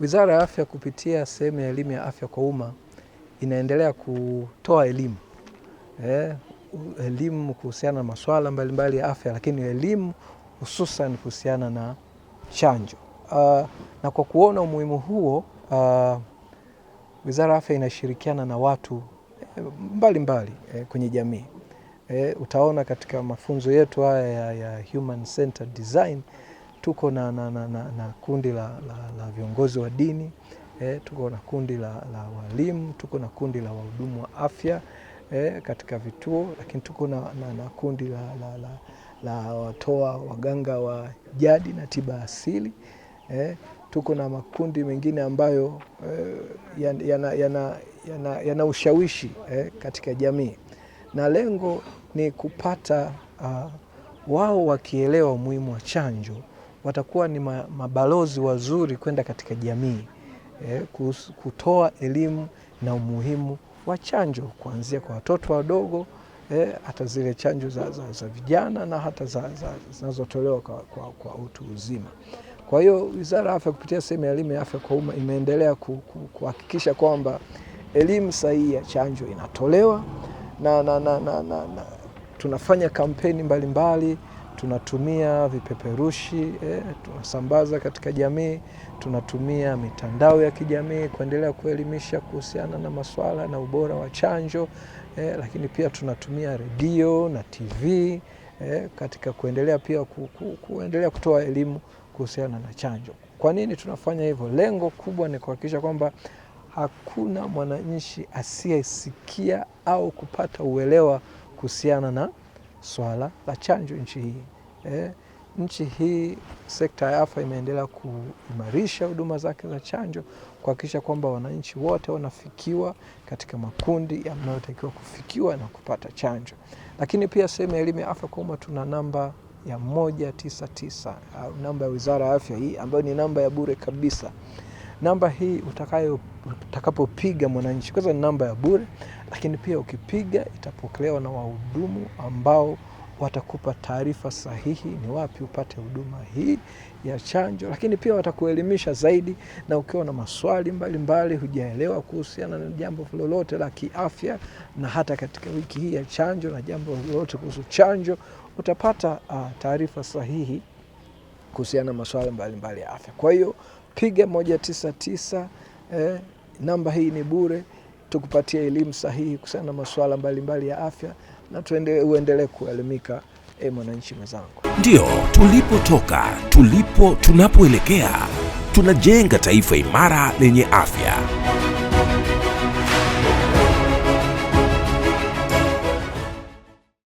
Wizara ya Afya kupitia sehemu ya elimu ya afya kwa umma inaendelea kutoa elimu eh, elimu kuhusiana na masuala mbalimbali ya afya, lakini elimu hususan kuhusiana na chanjo uh, na kwa kuona umuhimu huo uh, Wizara ya Afya inashirikiana na watu eh, mbalimbali mbali, eh, kwenye jamii eh, utaona katika mafunzo yetu haya ya, ya human centered design tuko na, na, na, na, na kundi la, la, la viongozi wa dini eh, tuko na kundi la, la walimu, tuko na kundi la wahudumu wa afya eh, katika vituo, lakini tuko na, na, na kundi la, la, la, la watoa waganga wa jadi na tiba asili eh, tuko na makundi mengine ambayo eh, yana, yana, yana, yana ushawishi eh, katika jamii na lengo ni kupata uh, wao wakielewa umuhimu wa chanjo watakuwa ni mabalozi wazuri kwenda katika jamii eh, kutoa elimu na umuhimu wa chanjo kuanzia kwa watoto wadogo eh, hata zile chanjo za, za, za vijana na hata zinazotolewa kwa, kwa, kwa utu uzima. Kwa hiyo Wizara ya Afya kupitia sehemu ya elimu ya afya kwa umma imeendelea kuhakikisha ku, kwamba elimu sahihi ya chanjo inatolewa na, na, na, na, na, na tunafanya kampeni mbalimbali tunatumia vipeperushi eh, tunasambaza katika jamii, tunatumia mitandao ya kijamii kuendelea kuelimisha kuhusiana na masuala na ubora wa chanjo eh, lakini pia tunatumia redio na TV eh, katika kuendelea pia ku, ku, kuendelea kutoa elimu kuhusiana na chanjo. Kwa nini tunafanya hivyo? Lengo kubwa ni kuhakikisha kwamba hakuna mwananchi asiyesikia au kupata uelewa kuhusiana na swala la chanjo nchi hii eh. Nchi hii sekta ya afya imeendelea kuimarisha huduma zake za chanjo, kuhakikisha kwamba wananchi wote wanafikiwa katika makundi yanayotakiwa kufikiwa na kupata chanjo. Lakini pia sehemu ya elimu ya afya kwa umma tuna namba ya moja tisa tisa au namba ya Wizara ya Afya hii ambayo ni namba ya bure kabisa. Namba hii utakayo utakapopiga mwananchi, kwanza ni namba ya bure, lakini pia ukipiga itapokelewa na wahudumu ambao watakupa taarifa sahihi, ni wapi upate huduma hii ya chanjo, lakini pia watakuelimisha zaidi, na ukiwa na maswali mbalimbali hujaelewa kuhusiana na jambo lolote la kiafya, na hata katika wiki hii ya chanjo na jambo lolote kuhusu chanjo, utapata uh, taarifa sahihi kuhusiana na maswala mbalimbali ya afya. Kwa hiyo piga moja tisa tisa eh, namba hii ni bure, tukupatia elimu sahihi kuhusiana na masuala mbalimbali ya afya na tuende, uendelee kuelimika e mwananchi mwenzangu. Ndio tulipotoka, tulipo, tunapoelekea tunajenga taifa imara lenye afya.